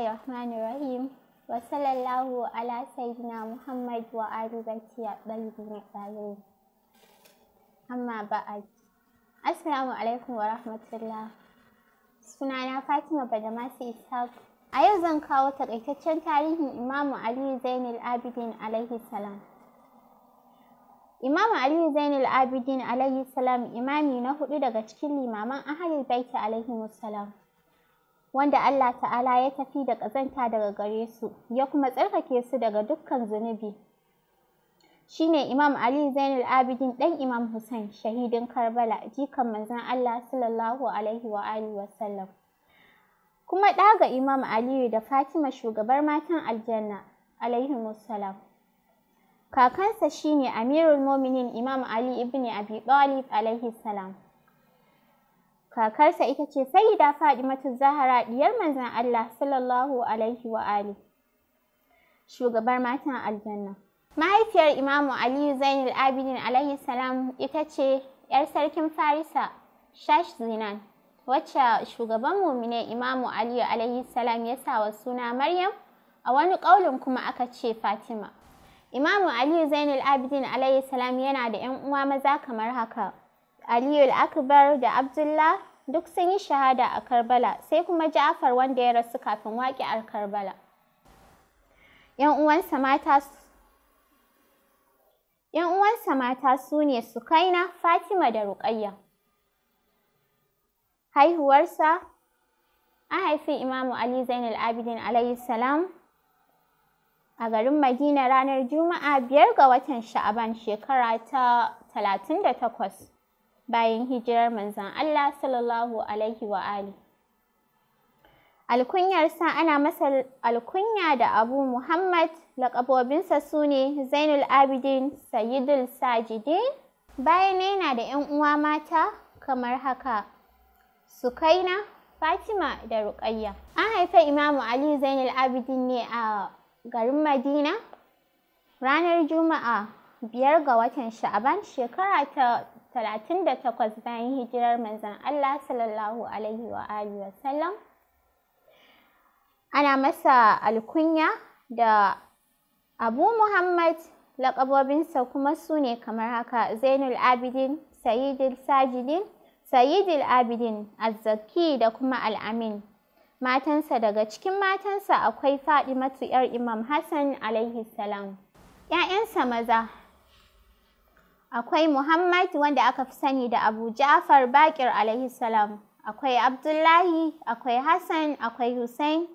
Bismillahirrahmanirrahim. Wa sallallahu ala sayyidina Muhammad wa ali baiti ɗalibin ɗalibi. Amma ba'ad. Assalamu alaikum wa rahmatullah. Sunana Fatima Badamasi Ishaq. A yau zan kawo takaitaccen tarihin Imamu Aliyu Zainul Abidin alaihi salam. Aliyu Zainul Abidin alaihi imami na hudu daga cikin limaman ahalul baiti wanda Allah ta'ala ya tafi da ƙazanta daga gare su ya kuma tsarkake su daga dukkan zunubi shine Imam Ali Zainul Abidin ɗan Imam Hussein shahidin Karbala jikan manzon Allah sallallahu alaihi wa alihi sallam kuma ɗaga Imam Aliyu da Fatima shugabar matan aljanna alaihi wasallam kakansa shine Amirul Mu'minin Imam Ali ibn Abi Talib alaihi salam kakarsa ita ce Sayyida Fadimatu Zahra Ɗiyar manzon Allah sallallahu alaihi wa ali shugabar matan aljanna mahaifiyar Imamu Aliyu Zainul Abidin alaihi salam ita ce yar sarkin Farisa Shash Zinan wacce shugaban mumine Imamu Aliyu alaihi salam ya sa wa suna Maryam a wani ƙaulin kuma aka ce Fatima Imamu Aliyu Zainul Abidin alayhi salam yana da ‘yan uwa maza kamar haka. Aliyu Akbar da Abdullah duk sun yi shahada a Karbala sai kuma Ja'far wanda ya rasu kafin a Karbala. ‘Yan uwansa mata ‘Yan uwansa su ne Sukaina, Fatima da Ruƙayya. Haihuwarsa an haifi Imamu Ali Zainul Abidin alayhi salam a garin Madina ranar Juma'a biyar ga watan Sha'aban shekara ta talatin da bayan hijirar manzon Allah sallallahu alaihi wa ali. Alkunyarsa ana masa alkunya da Abu Muhammad laƙabobinsa su ne Zainul Abidin Sayyidul Sajidin. Bayan yana da 'yan uwa mata kamar haka, Sukaina, Fatima da Ruƙayya. An haifa Imamu Ali Zainul Abidin ne a garin Madina ranar Juma'a biyar ga watan Sha'aban shekara ta Talatin da 38 bayan hijirar manzon Allah sallallahu alaihi wa alihi wa ana masa alkunya da Abu Muhammad laƙabobinsa kuma su ne kamar haka Zainul Abidin, Sayyidul Sajidin, Sayyidul Abidin, Azzaki da kuma Al'amin. Matansa daga cikin matansa akwai matu ‘yar Imam Hassan alaihi salam. ‘Ya'yansa maza akwai Muhammad wanda aka fi sani da Abu Ja'far Bakir alaihi salam, akwai Abdullahi, akwai Hassan, akwai Hussein,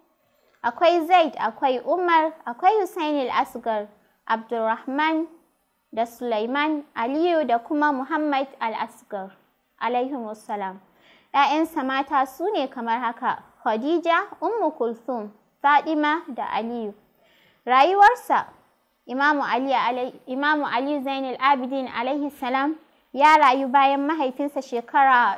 akwai Zaid, akwai Umar, akwai Hussein al-Asgar, Abdulrahman da Sulaiman, Aliyu da kuma Muhammad al-Asgar alaihi salam. ‘Ya'yansa mata su ne kamar haka, Khadija, Ummu Kulthum, Fadima da Aliyu. Rayuwarsa Imamu Ali Zainul Abidin alaihi salam ya rayu bayan mahaifinsa shekara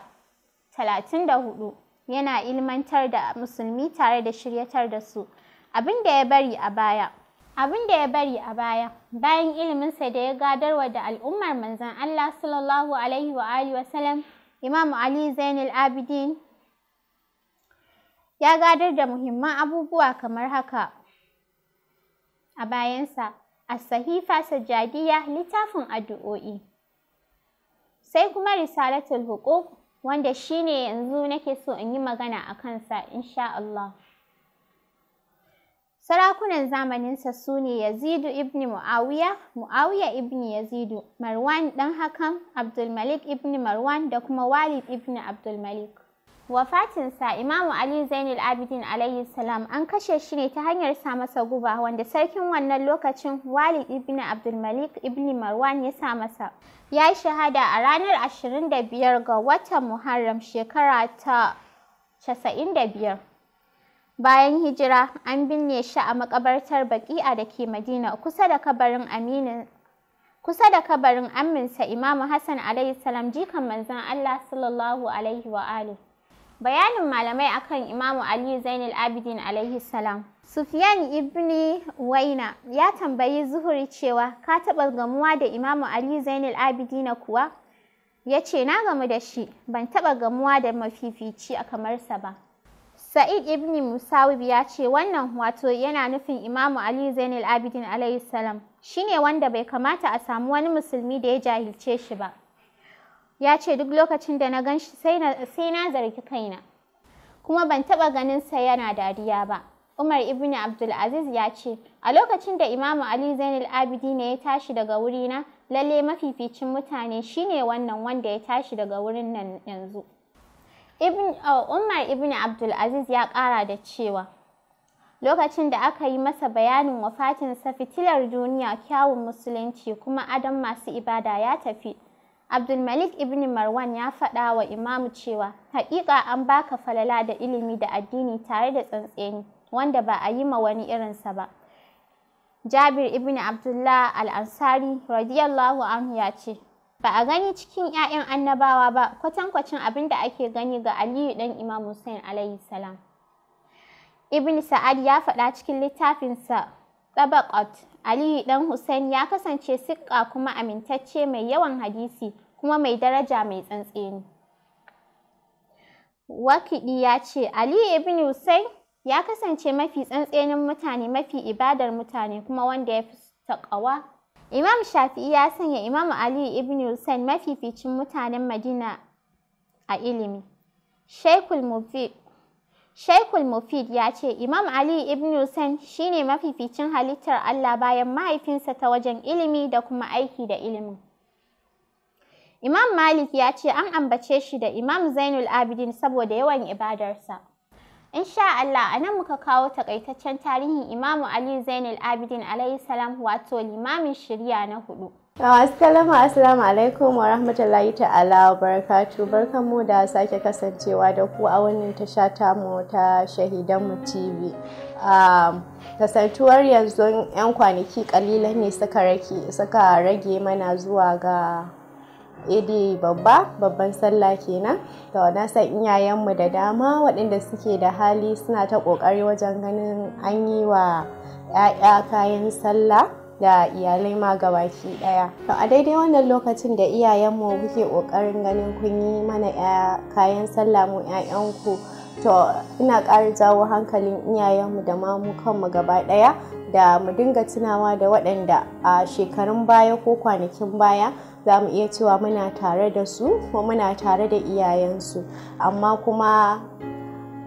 34 yana ilmantar da musulmi tare da shiryatar da su abin da ya bari a baya. Abin da ya bari a baya bayan iliminsa da ya gadarwa da al'ummar manzon Allah sallallahu alaihi wa alihi wa Ali Zainul Abidin ya gadar da muhimman abubuwa kamar haka a bayansa. A sahifa Sajjadiya littafin addu'o'i. Sai kuma Risalatul Huquq wanda shine yanzu nake so in yi magana a kansa insha Allah. Sarakunan zamaninsa su ne Yazidu ibn Mu'awiya, Mu'awiya ibn Yazidu, Marwan ɗan hakan Abdulmalik ibn Marwan da kuma Walid ibn Abdulmalik. Wafatinsa Imamu Ali Zainul Abidin alayhi salam an kashe shi ne ta hanyar sa masa guba wanda sarkin wannan lokacin Walid ibn Abdulmalik ibn Marwan ya sa masa. Ya yi shahada a ranar 25 ga watan Muharram shekara ta 95. Bayan hijira an binne shi a makabartar Baki'a da ke Madina kusa da kabarin Aminin kusa da kabarin amminsa Imamu Hassan alayhi salam jikan manzon Allah sallallahu alaihi wa alihi. bayanin malamai akan Imamu Ali Zainul Abidin alaihi salam. Sufyan ibn Waina ya tambayi Zuhuri cewa ka taɓa gamuwa da Imamu Ali Zainul Abidin kuwa? Ya ce na gamu da shi, ban taɓa gamuwa da mafifici a kamarsa ba. Sa'id ibni Musawib ya ce wannan wato yana nufin Imamu Ali Zainul Abidin alaihi salam shine wanda bai kamata a samu wani musulmi da ya jahilce shi ba. ya ce duk lokacin da na gan shi sai na zargi kaina kuma ban taɓa ganin sa yana dariya ba umar ibn abdulaziz ya ce a lokacin da imamu ali zainal abidi ne ya tashi daga wurina lalle mafificin mutane shine wannan wanda ya tashi daga wurin nan yanzu ibn oh, umar ibn abdulaziz ya kara da cewa lokacin da aka yi masa bayanin wafatinsa fitilar duniya kyawun musulunci kuma adon masu ibada ya tafi Abdulmalik ibn Marwan ya faɗa wa Imamu cewa, "Haƙiƙa an baka falala da ilimi da addini tare da tsantseni, wanda ba a yi ma wani irinsa ba." Jabir ibn Abdullah al-Ansari radiyallahu anhu ya ce, "Ba a gani cikin 'ya'yan annabawa ba kwatankwacin abin da ake gani ga Aliyu ɗan Imam Hussein alayhi salam." Ibn Sa'ad ya faɗa cikin littafinsa Tabaqat Aliyu ɗan Hussein ya kasance siƙa kuma amintacce mai yawan hadisi kuma mai daraja mai tsantseni. Wakiɗi ya ce Aliyu ibn Hussein ya kasance mafi tsantsenin mutane mafi ibadar mutane kuma wanda ya fi taƙawa. Imam Shafi'i ya sanya Imam Aliyu ibn Hussein mafificin mutanen Madina a ilimi. Shekul Mufid Shaikul Mufid ya ce Imam Ali ibn Hussein shine mafificin halittar Allah bayan mahaifinsa ta wajen ilimi da kuma aiki da ilimi. Imam Malik ya ce an ambace shi da Imam Zainul Abidin saboda yawan ibadarsa. in sha Allah a nan muka kawo takaitaccen tarihin Imam Ali Zainul Abidin alayhi salam wato limamin shirya na hudu. Assalamu assalamu alaikum wa rahmatullahi ta'ala wa barakatu barkanmu da sake kasancewa da ku a wannan tasha tamu ta shahidanmu TV. Kasantuwar yanzu 'yan kwanaki kalilan ne suka rage mana zuwa ga idi babba babban sallah kenan da na san iyayenmu da dama waɗanda suke da hali suna ta ƙoƙari wajen ganin an yi wa 'ya'ya kayan sallah da iyalai ma gabaki daya to a daidai wannan lokacin da iyayenmu kuke kokarin ganin kun yi mana kayan sallah mu 'ya'yanku to ina ƙara jawo hankalin iyayenmu da ma mu kanmu gaba daya da mu dinga tunawa da waɗanda a shekarun baya ko kwanakin baya za mu iya cewa muna tare da su ko muna tare da iyayensu amma kuma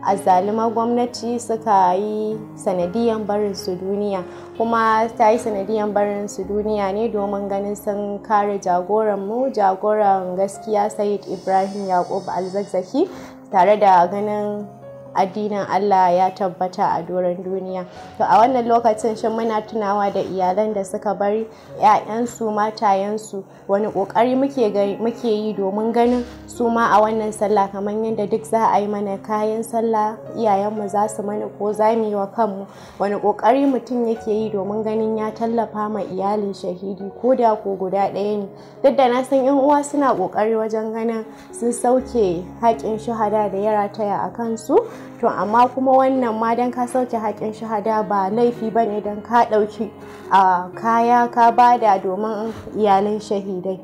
azalima gwamnati suka yi sanadiyan barin su duniya kuma ta yi sanadiyan barin su duniya ne domin ganin sun kare jagoran mu jagoran gaskiya sayid ibrahim yakub alzazzaki tare da ganin addinin Allah ya tabbata a doron duniya to a wannan lokacin shi muna tunawa da iyalan da suka bari 'ya'yansu matayensu wani ƙoƙari muke yi domin ganin su ma a wannan sallah kamar yadda duk za a yi mana kayan sallah iyayenmu za su mana ko za mu yi wa kanmu wani ƙoƙari mutum yake yi domin ganin ya tallafa ma iyalin shahidi ko da ko guda ɗaya ne duk da na san 'yan uwa suna ƙoƙari wajen ganin sun sauke haƙƙin shahada da ya rataya a kansu to amma kuma wannan ma dan ka sauke haƙin shahada ba laifi ba ne don ka ɗauki a kaya ka bada domin iyalin shahidai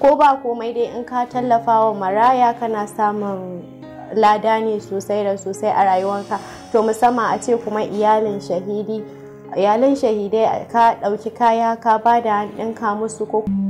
ko ba komai dai in ka tallafa wa maraya kana samun lada ne sosai da sosai a rayuwarka to musamman a ce kuma iyalin shahidi iyalin shahidai ka ɗauki kaya ka bada ɗinka musu ko kuma?